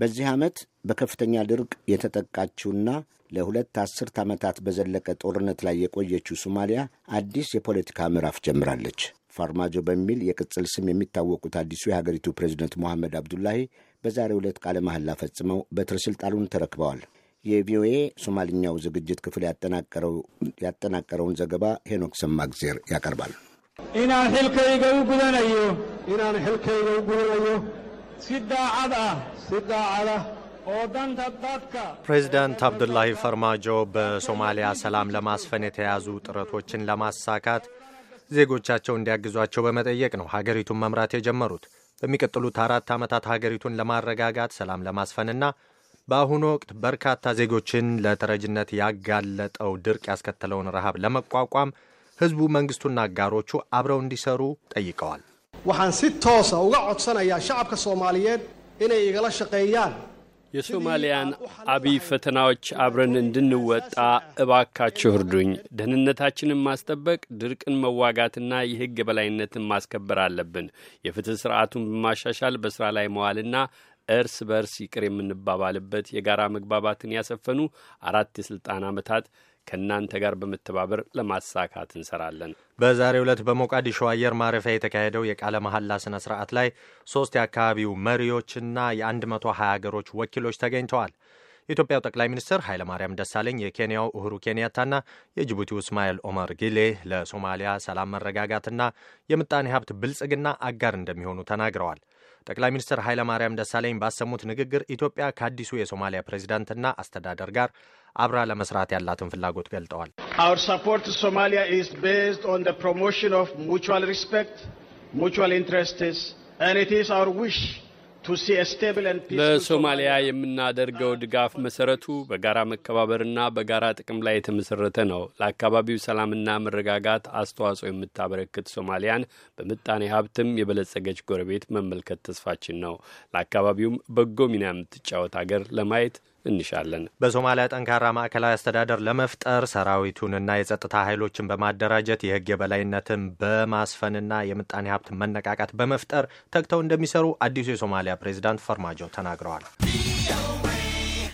በዚህ ዓመት በከፍተኛ ድርቅ የተጠቃችውና ለሁለት አስርት ዓመታት በዘለቀ ጦርነት ላይ የቆየችው ሶማሊያ አዲስ የፖለቲካ ምዕራፍ ጀምራለች። ፋርማጆ በሚል የቅጽል ስም የሚታወቁት አዲሱ የሀገሪቱ ፕሬዚደንት ሞሐመድ አብዱላሂ በዛሬው ዕለት ቃለ መሐላ ፈጽመው በትር ስልጣኑን ተረክበዋል። የቪኦኤ ሶማልኛው ዝግጅት ክፍል ያጠናቀረውን ዘገባ ሄኖክ ሰማግዜር ያቀርባል። ኢናን ሕልከይገው ጉደነዮ ኢናን ሕልከይገው ጉደነዮ si daacad ah si daacad ah ፕሬዚዳንት አብዱላሂ ፈርማጆ በሶማሊያ ሰላም ለማስፈን የተያዙ ጥረቶችን ለማሳካት ዜጎቻቸው እንዲያግዟቸው በመጠየቅ ነው ሀገሪቱን መምራት የጀመሩት። በሚቀጥሉት አራት ዓመታት ሀገሪቱን ለማረጋጋት ሰላም ለማስፈንና በአሁኑ ወቅት በርካታ ዜጎችን ለተረጅነት ያጋለጠው ድርቅ ያስከተለውን ረሃብ ለመቋቋም ህዝቡ መንግስቱና አጋሮቹ አብረው እንዲሰሩ ጠይቀዋል። waxaan si toosa ah uga codsanayaa shacabka soomaaliyeed inay igala shaqeeyaan የሶማሊያን አብይ ፈተናዎች አብረን እንድንወጣ እባካችሁ እርዱኝ። ደህንነታችንን ማስጠበቅ፣ ድርቅን መዋጋትና የሕግ የበላይነትን ማስከበር አለብን። የፍትሕ ስርዓቱን በማሻሻል በሥራ ላይ መዋልና እርስ በርስ ይቅር የምንባባልበት የጋራ መግባባትን ያሰፈኑ አራት የሥልጣን ዓመታት ከእናንተ ጋር በመተባበር ለማሳካት እንሰራለን። በዛሬ ዕለት በሞቃዲሾ አየር ማረፊያ የተካሄደው የቃለ መሐላ ስነ ስርዓት ላይ ሶስት የአካባቢው መሪዎችና የ120 ሀገሮች ወኪሎች ተገኝተዋል። የኢትዮጵያው ጠቅላይ ሚኒስትር ኃይለማርያም ደሳለኝ፣ የኬንያው እሁሩ ኬንያታና የጅቡቲው እስማኤል ኦመር ጊሌ ለሶማሊያ ሰላም መረጋጋትና የምጣኔ ሀብት ብልጽግና አጋር እንደሚሆኑ ተናግረዋል። ጠቅላይ ሚኒስትር ኃይለማርያም ደሳለኝ ባሰሙት ንግግር ኢትዮጵያ ከአዲሱ የሶማሊያ ፕሬዚዳንትና አስተዳደር ጋር አብራ ለመስራት ያላትን ፍላጎት ገልጠዋል። Our support to Somalia is based on the promotion of mutual respect, mutual interests, and it is our wish ለሶማሊያ የምናደርገው ድጋፍ መሰረቱ በጋራ መከባበርና በጋራ ጥቅም ላይ የተመሰረተ ነው። ለአካባቢው ሰላምና መረጋጋት አስተዋጽኦ የምታበረክት ሶማሊያን በምጣኔ ሀብትም የበለጸገች ጎረቤት መመልከት ተስፋችን ነው። ለአካባቢውም በጎ ሚና የምትጫወት አገር ለማየት እንሻለን። በሶማሊያ ጠንካራ ማዕከላዊ አስተዳደር ለመፍጠር ሰራዊቱንና የጸጥታ ኃይሎችን በማደራጀት የህግ የበላይነትን በማስፈንና የምጣኔ ሀብት መነቃቃት በመፍጠር ተግተው እንደሚሰሩ አዲሱ የሶማሊያ ፕሬዚዳንት ፈርማጆ ተናግረዋል።